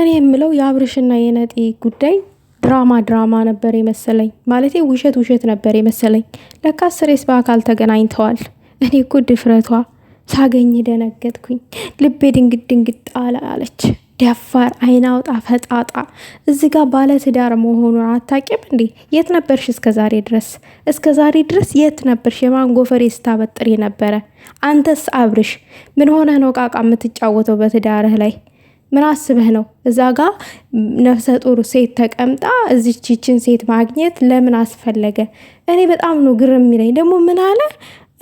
እኔ የምለው የአብርሽና የነጤ ጉዳይ ድራማ ድራማ ነበር የመሰለኝ። ማለቴ ውሸት ውሸት ነበር የመሰለኝ። ለካ ስሬስ በአካል ተገናኝተዋል። እኔ እኮ ድፍረቷ ሳገኝ ደነገጥኩኝ። ልቤ ድንግድ ድንግጥ አለ አለች። ደፋር አይናውጣ ፈጣጣ። እዚ ጋ ባለትዳር መሆኑን አታቂም እንዴ? የት ነበርሽ እስከ ዛሬ ድረስ? እስከ ዛሬ ድረስ የት ነበርሽ? የማንጎፈሬ ስታበጥሪ ነበረ። አንተስ አብርሽ ምን ሆነ ነው ቃቃ የምትጫወተው በትዳርህ ላይ? ምን አስበህ ነው እዛ ጋ ነፍሰ ጡር ሴት ተቀምጣ እዚችችን ሴት ማግኘት ለምን አስፈለገ? እኔ በጣም ነው ግር የሚለኝ። ደግሞ ምን አለ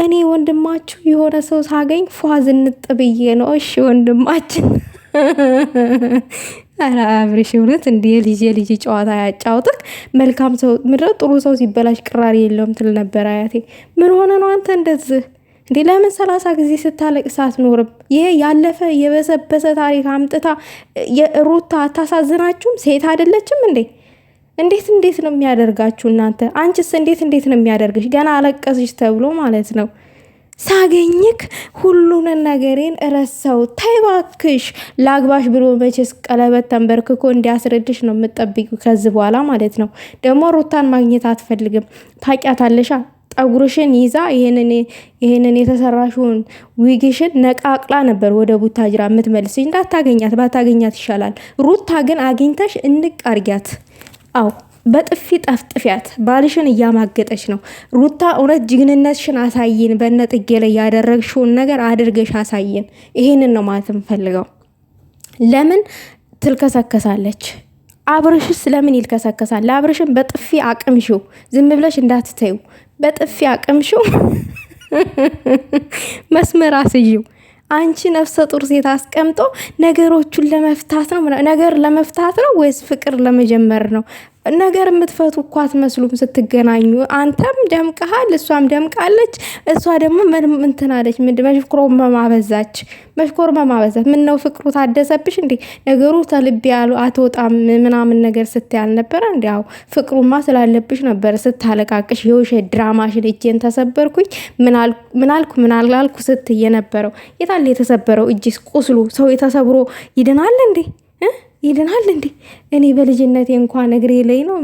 እኔ ወንድማችሁ የሆነ ሰው ሳገኝ ፏዝንጥ ብዬ ነው። እሺ ወንድማችን አብርሽ እውነት እንዲ የልጅ የልጅ ጨዋታ ያጫውጥክ። መልካም ሰው ምድረ ጥሩ ሰው ሲበላሽ ቅራሪ የለውም ትል ነበር አያቴ። ምን ሆነ ነው አንተ እንደዚህ እንዲህ ለምን ሰላሳ ጊዜ ስታለቅስ አትኖርም? ይሄ ያለፈ የበሰበሰ ታሪክ አምጥታ ሩታ አታሳዝናችሁም? ሴት አይደለችም እንዴ? እንዴት እንዴት ነው የሚያደርጋችሁ እናንተ? አንቺስ እንዴት እንዴት ነው የሚያደርግሽ? ገና አለቀስሽ ተብሎ ማለት ነው። ሳገኝክ ሁሉንን ነገሬን ረሰው ታይባክሽ ላግባሽ ብሎ መቼስ ቀለበት ተንበርክኮ እንዲያስረድሽ ነው የምጠብቂው ከዚህ በኋላ ማለት ነው። ደግሞ ሩታን ማግኘት አትፈልግም ታውቂያታለሻ። ጠጉርሽን ይዛ ይህንን የተሰራሽውን ዊግሽን ነቃቅላ ነበር ወደ ቡታጅራ የምትመልስሽ። እንዳታገኛት ባታገኛት ይሻላል። ሩታ ግን አግኝተሽ እንቃርጊያት። አዎ በጥፊ ጠፍጥፊያት። ባልሽን እያማገጠች ነው ሩታ። እውነት ጅግንነትሽን አሳይን። በነ ጥጌ ላይ ያደረግሽውን ነገር አድርገሽ አሳይን። ይሄንን ነው ማለት የምፈልገው። ለምን ትልከሰከሳለች? አብርሽስ ለምን ይልከሰከሳል? ለአብርሽን በጥፊ አቅምሽው። ዝም ብለሽ እንዳትተዩ በጥፊ አቅምሽው መስመር አስይው። አንቺ ነፍሰ ጡር ሴት አስቀምጦ ነገሮቹን ለመፍታት ነው ነገር ለመፍታት ነው ወይስ ፍቅር ለመጀመር ነው? ነገር የምትፈቱ እኮ አትመስሉም ስትገናኙ። አንተም ደምቀሃል፣ እሷም ደምቃለች። እሷ ደግሞ እንትን አለች፣ መሽኮርመም አበዛች። መሽኮርመም አበዛች። ምን ነው ፍቅሩ ታደሰብሽ እንዴ? ነገሩ ተልቤ ያሉ አትወጣም ምናምን ነገር ስትያል ነበረ። እንዲያው ፍቅሩማ ስላለብሽ ነበር ስታለቃቅሽ፣ የውሸት ድራማሽን እጄን ተሰበርኩኝ ምናልኩ ምናላልኩ ስትየ ነበረው። የታለ የተሰበረው እጅስ? ቁስሉ ሰው የተሰብሮ ይድናል እንዴ? ይልናል እንዴ? እኔ በልጅነቴ እንኳን እግሬ ላይ ነው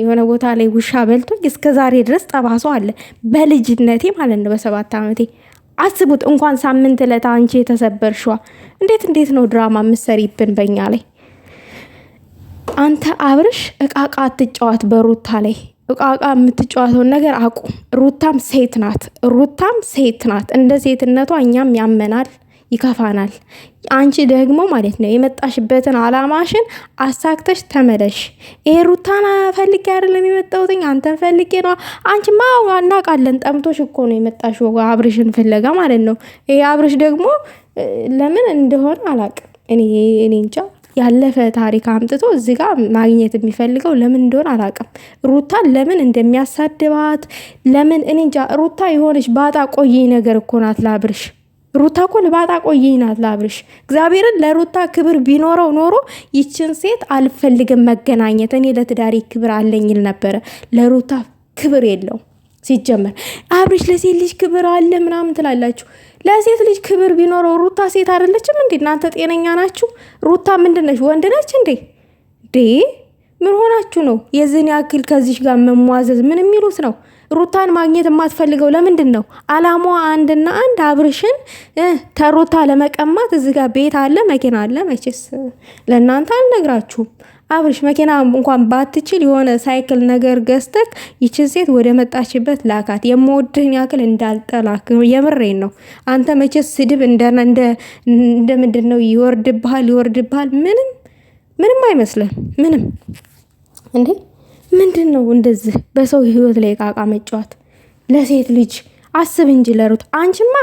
የሆነ ቦታ ላይ ውሻ በልቶኝ እስከ ዛሬ ድረስ ጠባሶ አለ። በልጅነቴ ማለት ነው፣ በሰባት ዓመቴ አስቡት። እንኳን ሳምንት ዕለት አንቺ የተሰበር እንዴት እንዴት ነው ድራማ የምትሰሪብን በኛ ላይ። አንተ አብርሽ እቃቃ አትጫዋት በሩታ ላይ እቃቃ የምትጫዋተውን ነገር አቁም። ሩታም ሴት ናት፣ ሩታም ሴት ናት። እንደ ሴትነቷ እኛም ያመናል። ይከፋናል። አንቺ ደግሞ ማለት ነው የመጣሽበትን አላማሽን አሳክተሽ ተመለሽ። ይሄ ሩታን ፈልጌ አይደለም የመጣሁትኝ አንተን ፈልጌ ነው። ማ እናውቃለን፣ ጠምቶሽ እኮ ነው የመጣሽ አብርሽን ፍለጋ ማለት ነው። ይሄ አብርሽ ደግሞ ለምን እንደሆነ አላቅም እኔ እኔ እንጃ ያለፈ ታሪክ አምጥቶ እዚ ጋ ማግኘት የሚፈልገው ለምን እንደሆነ አላውቅም። ሩታን ለምን እንደሚያሳድባት ለምን እኔ እንጃ። ሩታ የሆነች ባጣ ቆይ ነገር እኮ ናት ላብርሽ ሩታ እኮ ልባጣ ቆየኝ ናት እግዚአብሔርን ለሩታ ክብር ቢኖረው ኖሮ ይችን ሴት አልፈልግም መገናኘት፣ እኔ ለትዳሪ ክብር አለኝ ይል ነበረ። ለሩታ ክብር የለው ሲጀመር። አብርሽ ለሴት ልጅ ክብር አለ ምናምን ትላላችሁ። ለሴት ልጅ ክብር ቢኖረው ሩታ ሴት አይደለችም እንዴ? እናንተ ጤነኛ ናችሁ? ሩታ ምንድነች? ወንድ ነች እንዴ? ምን ሆናችሁ ነው የዚህን ያክል ከዚሽ ጋር መሟዘዝ? ምን የሚሉት ነው? ሩታን ማግኘት የማትፈልገው ለምንድን ነው? አላማዋ አንድና አንድ አብርሽን ተሩታ ለመቀማት እዚህ ጋር ቤት አለ፣ መኪና አለ። መቼስ ለእናንተ አልነግራችሁም። አብርሽ መኪና እንኳን ባትችል የሆነ ሳይክል ነገር ገዝተክ ይችን ሴት ወደ መጣችበት ላካት። የምወድህን ያክል እንዳልጠላክ የምሬን ነው። አንተ መቼስ ስድብ እንደምንድነው ነው ይወርድብሃል፣ ይወርድብሃል። ምንም ምንም አይመስልም። ምንም እንዴ ምንድን ነው እንደዚህ በሰው ህይወት ላይ ቃቃ መጫወት? ለሴት ልጅ አስብ እንጂ ለሩት። አንቺማ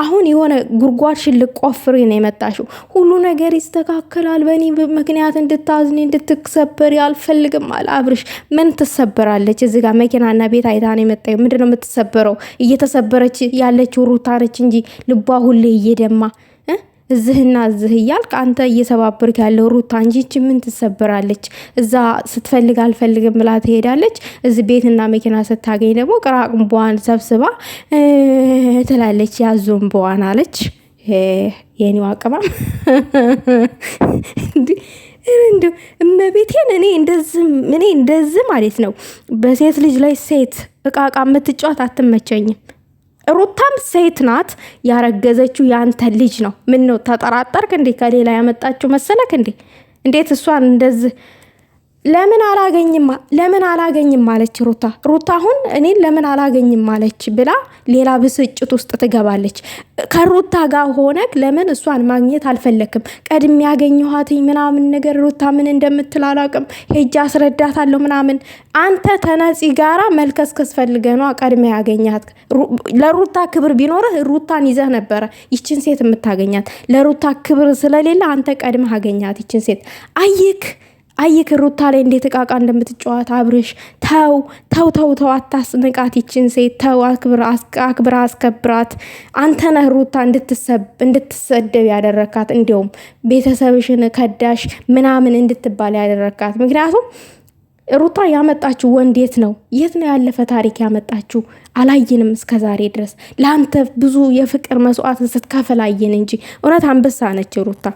አሁን የሆነ ጉድጓድ ሽልቅ ቆፍሪ ነው የመጣሽው። ሁሉ ነገር ይስተካከላል፣ በእኔ ምክንያት እንድታዝኒ እንድትሰበር አልፈልግም አለ አብርሽ። ምን ትሰበራለች? እዚ ጋር መኪናና ቤት አይታ ነው የመጣ። ምንድነው የምትሰበረው? እየተሰበረች ያለችው ሩታ ነች እንጂ ልቧ ሁሌ እየደማ እዝህና እዝህ እያልክ አንተ እየሰባብርክ ያለው ሩታ እንጂ ይቺ ምን ትሰብራለች? እዛ ስትፈልግ አልፈልግም ብላ ትሄዳለች። እዚ ቤትና መኪና ስታገኝ ደግሞ ቅራቅም በዋን ሰብስባ ትላለች። ያዞን በዋን አለች። የኔው አቀማም እንዲ እመቤቴን እኔ እንደዝም እኔ እንደዝም ማለት ነው በሴት ልጅ ላይ ሴት እቃቃ የምትጫወት አትመቸኝም። ሩታም ሴት ናት። ያረገዘችው የአንተ ልጅ ነው። ምን ነው ተጠራጠርክ እንዴ? ከሌላ ያመጣችው መሰለክ እንዴ? እንዴት እሷን እንደዚህ ለምን አላገኝም ለምን አላገኝም ማለች ሩታ ሩታ አሁን እኔን ለምን አላገኝም ማለች ብላ ሌላ ብስጭት ውስጥ ትገባለች። ከሩታ ጋር ሆነክ ለምን እሷን ማግኘት አልፈለክም? ቀድሜ ያገኘኋትኝ ምናምን ነገር ሩታ ምን እንደምትል አላቅም፣ ሄጅ አስረዳታለሁ ምናምን። አንተ ተነጺ ጋራ መልከስከስ ፈልገህ ነዋ ቀድሜ ያገኛት። ለሩታ ክብር ቢኖርህ ሩታን ይዘህ ነበረ ይችን ሴት የምታገኛት። ለሩታ ክብር ስለሌለ አንተ ቀድመህ አገኛት ይችን ሴት አይክ አየክ ሩታ ላይ እንዴት እቃቃ እንደምትጫወት አብርሽ፣ ተው ተው ተው ተው፣ አታስንቃት ይችን ሴት ተው፣ አክብራ አስከብራት። አንተ ነህ ሩታ እንድትሰደብ ያደረካት፣ እንዲሁም ቤተሰብሽን ከዳሽ ምናምን እንድትባል ያደረካት። ምክንያቱም ሩታ ያመጣችው ወንድ የት ነው የት ነው ያለፈ ታሪክ ያመጣችው? አላየንም እስከ ዛሬ ድረስ ለአንተ ብዙ የፍቅር መስዋዕት ስትከፍል አየን እንጂ እውነት አንበሳ ነች ሩታ።